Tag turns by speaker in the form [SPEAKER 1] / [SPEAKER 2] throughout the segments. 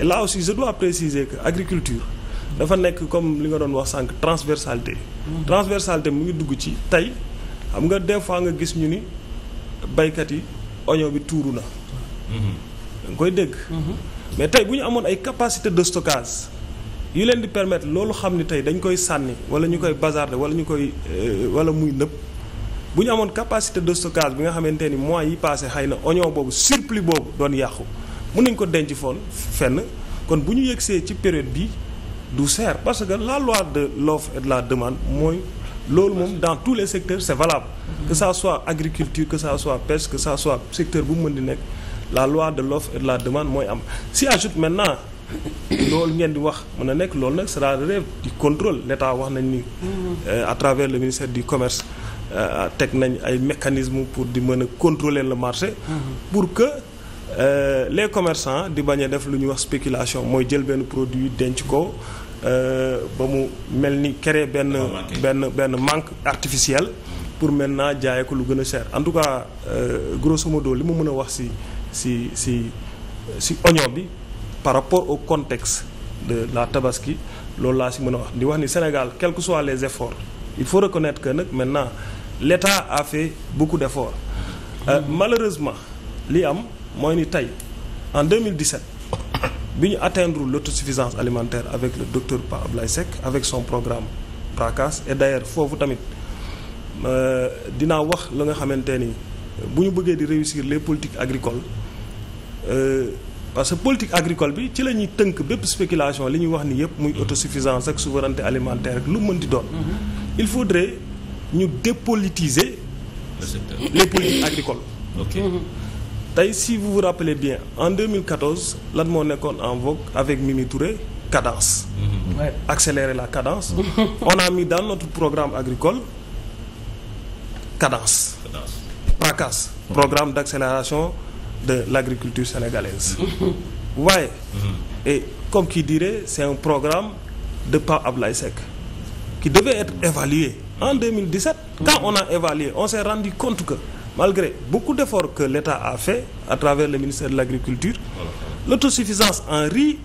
[SPEAKER 1] la aussi je dois préciser que agriculture dafa nekk comme li nga doon wax sànq transversalité transversalité mu ngi dugg ci tey xam nga des fois nga gis ñu ni baykat yi oignon bi tuuru na da nga koy dégg mais tey bu ñu amoon ay capacité de stockage yu leen di permettre loolu xam ni tey dañ koy sànni wala ñu koy bazarder wala ñu koy euh, wala muy nëb bu ñu amoon capacité de stockage bi nga xamante ni mois yi passé xëy na oignon boobu surplus boobu doon yàqu mun nañ ko denc foon fenn kon bu ñu yegsee ci période bi du seer parce que la loi de l'offre et la demande mooy loolu moom dans tous les secteurs c'est valable que ça soit agriculture que ça soit pêche que ça soit secteur bu mën di nekk la loi de l'offre et la demande mooy am si ajoute maintenant loolu ngeen di wax mën na nekk loolu nag sera relève du contrôle l'État wax nañ ni euh, à travers le ministère du commerce euh, teg nañ ay mécanismes pour di mën a contrôler le marché Euh, les commerçants di bañ a def lu ñuy wax spéculation mooy jël benn produit denc ko euh, ba mu mel ni créer benn benn benn manque artificiel pour maintenant jaay ko lu gën a cher en tout cas euh, grosso modo li mu mën a wax ci ci ci ci oignon bi par rapport au contexte de la tabaski loolu laa si mën a wax di wax ni Sénégal quels que soient les efforts il faut reconnaître que nag maintenant l'État a fait beaucoup d'efforts euh, malheureusement li am mooy ni tey en 2017 bi ñu atteindre l'autosuffisance alimentaire avec le docteur Pa Ablaye Seck avec son programme PRACAS et d'ailleurs foofu tamit euh, dinaa wax la nga xamante ni bu ñu bëggee di réussir les politiques agricoles euh, parce que politique agricole bi ci la ñuy tënk bépp spéculation li ñuy wax nii yëpp muy autosuffisance ak souveranté alimentaire ak lu mën di doon. Mm-hmm. il faudrait ñu dépolitiser. les politiques agricoles. Mm-hmm. tey si vous vous rappelez bien en 2014 lan moo nekkoon en vogue avec Mimi cadence. Mm-hmm. accélérer la cadence. on a mis dans notre programme agricole cadence. cadence programme d' accélération de l' agriculture sénégalaise. waaye. Mm-hmm. Mm-hmm. et comme qui dirait c' est un programme de Pape Ablaye Seck qui devait être évalué en 2017. quand on a évalué on s' rendu compte que. malgré beaucoup d'efforts que l'État a fait à travers le ministère de l'Agriculture, l'autosuffisance en riz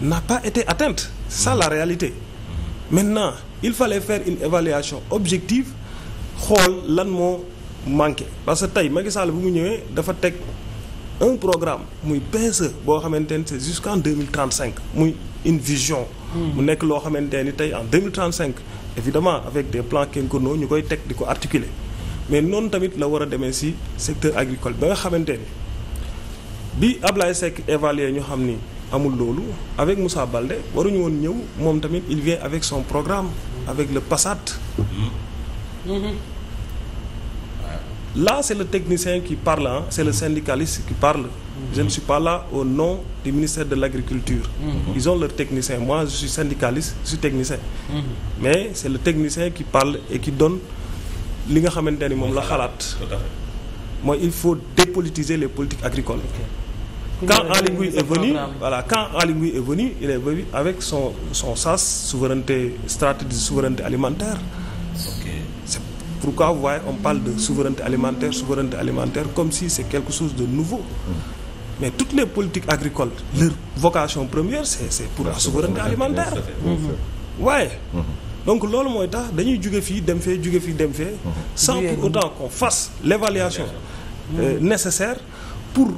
[SPEAKER 1] n'a pas été atteinte. C'est la réalité. Maintenant, il fallait faire une évaluation objective, xool lan moo manqué parce que tey Macky Sall bu mu ñëwee dafa teg un programme muy PSE boo xamante ni c'est jusqu'en 2035 muy une vision mu nekk loo xamante ni tey en 2035 évidemment avec des plans quinquennaux ñu koy teg di ko articuler mais noonu tamit la war a demee si secteur agricole ba nga xamante ni bi Ablaye Seck évalué ñu xam ni amul loolu avec Moussa Balde waruñu woon ñëw moom tamit il vient avec son programme avec le PASAT. Mm-hmm. Là, c'est le technicien qui parle, hein? c'est le syndicaliste qui parle. Mm-hmm. Je ne suis pas au non du ministère de l'Agriculture. Mm-hmm. Ils ont leur technicien. Moi, je suis syndicaliste, je technicien. Mais c'est le technicien qui parle et qui donne li nga xamante ni moom la xalaat mooy il faut dépolitiser les politiques agricoles quand Ali Ngouille est venu voilà quand Ali Ngouille est venu il est venu avec son son SAS souveraineté stratégie souveraineté alimentaire c'est pourquoi vous voyez on parle de souveraineté alimentaire souveraineté alimentaire comme si c'est quelque chose de nouveau hmm. mais toutes les politiques agricoles leur vocation première c'est c'est pour la souveraineté alimentaire ouais hmm. donc loolu mooy tax dañuy juge fii dem fee juge fii dem fee mhm. sans pour autant qu'on fasse l'évaluation euh, nécessaire pour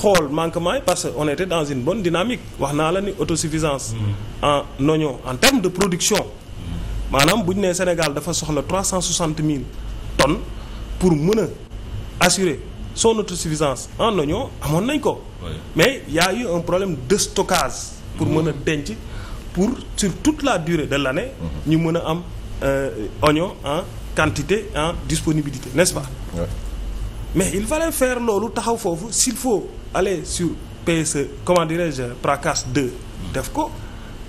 [SPEAKER 1] xool manquement yi parce que on était dans une bonne dynamique wax naa la ni autosuffisance mhm. en oignon en terme de production mhm. maanaam bu ñu nee Sénégal dafa soxla trois cent soixante mille tonnes pour mën a assurer son autosuffisance en oignon amoon nañ ko mais il y un problème de stockage pour mën a denc pour sur toute la durée de l'année mhm. ñu mën a am euh, oignon en quantité en disponibilité n'est-ce pas mais il fallait faire loolu taxaw foofu s'il faut aller sur PSE comment dirais-je PRACAS 2 def ko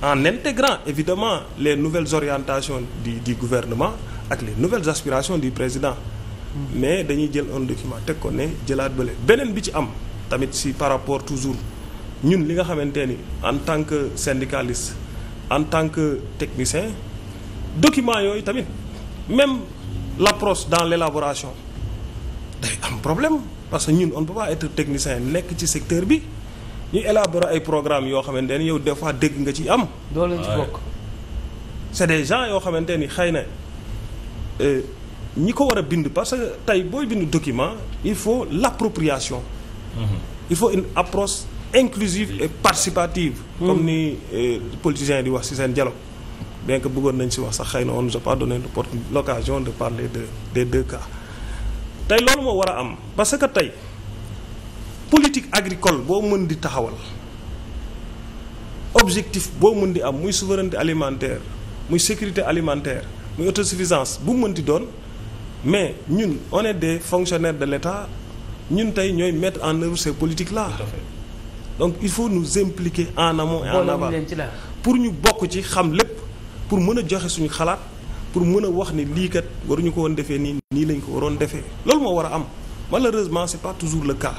[SPEAKER 1] en intégrant évidemment les nouvelles orientations di du gouvernement ak les nouvelles aspirations du président mm. mais dañuy jël un document teg ko ne jëlaat bële beneen bi ci am tamit si par rapport toujours ñun li nga xamante ni en tant que syndicaliste en tant que technicien document yooyu tamit même l'approche dans l'élaboration day am problème parce que ñun on ne peut pas nekk ci secteur bi ñu élaborer ay programmes yoo xamante ne yow des fois dégg nga ci am. doole leen ci bokk. c'est des gens yoo xamante ni xëy na euh, ñi ko war a bind parce que tey booy bind document il faut l'appropriation. Mhm. il faut une approche. inclusive et participative. Hmm. comme ni eh, politiciens di wax ci seen dialogue. bien bëggoon nañ si wax sax xëy na on nous a pas donné l'occasion de parler de des de cas. tey loolu moo war a am parce que tey politique agricole boo mën di taxawal objectif boo mën di am muy souveraineté alimentaire muy sécurité alimentaire muy autosuffisance bu mën di doon mais ñun one est des fonctionnaires de l'État ñun tey ñooy mettre en œuvre ces politiques là. donc il faut nous impliquer en amont et en aval pour ñu bokk ci xam lépp pour mën a joxe suñu xalaat pour mën a wax ni lii kat waruñu ko woon defee nii nii lañ ko waroon defee loolu moo war am malheureusement c'est pas toujours le cas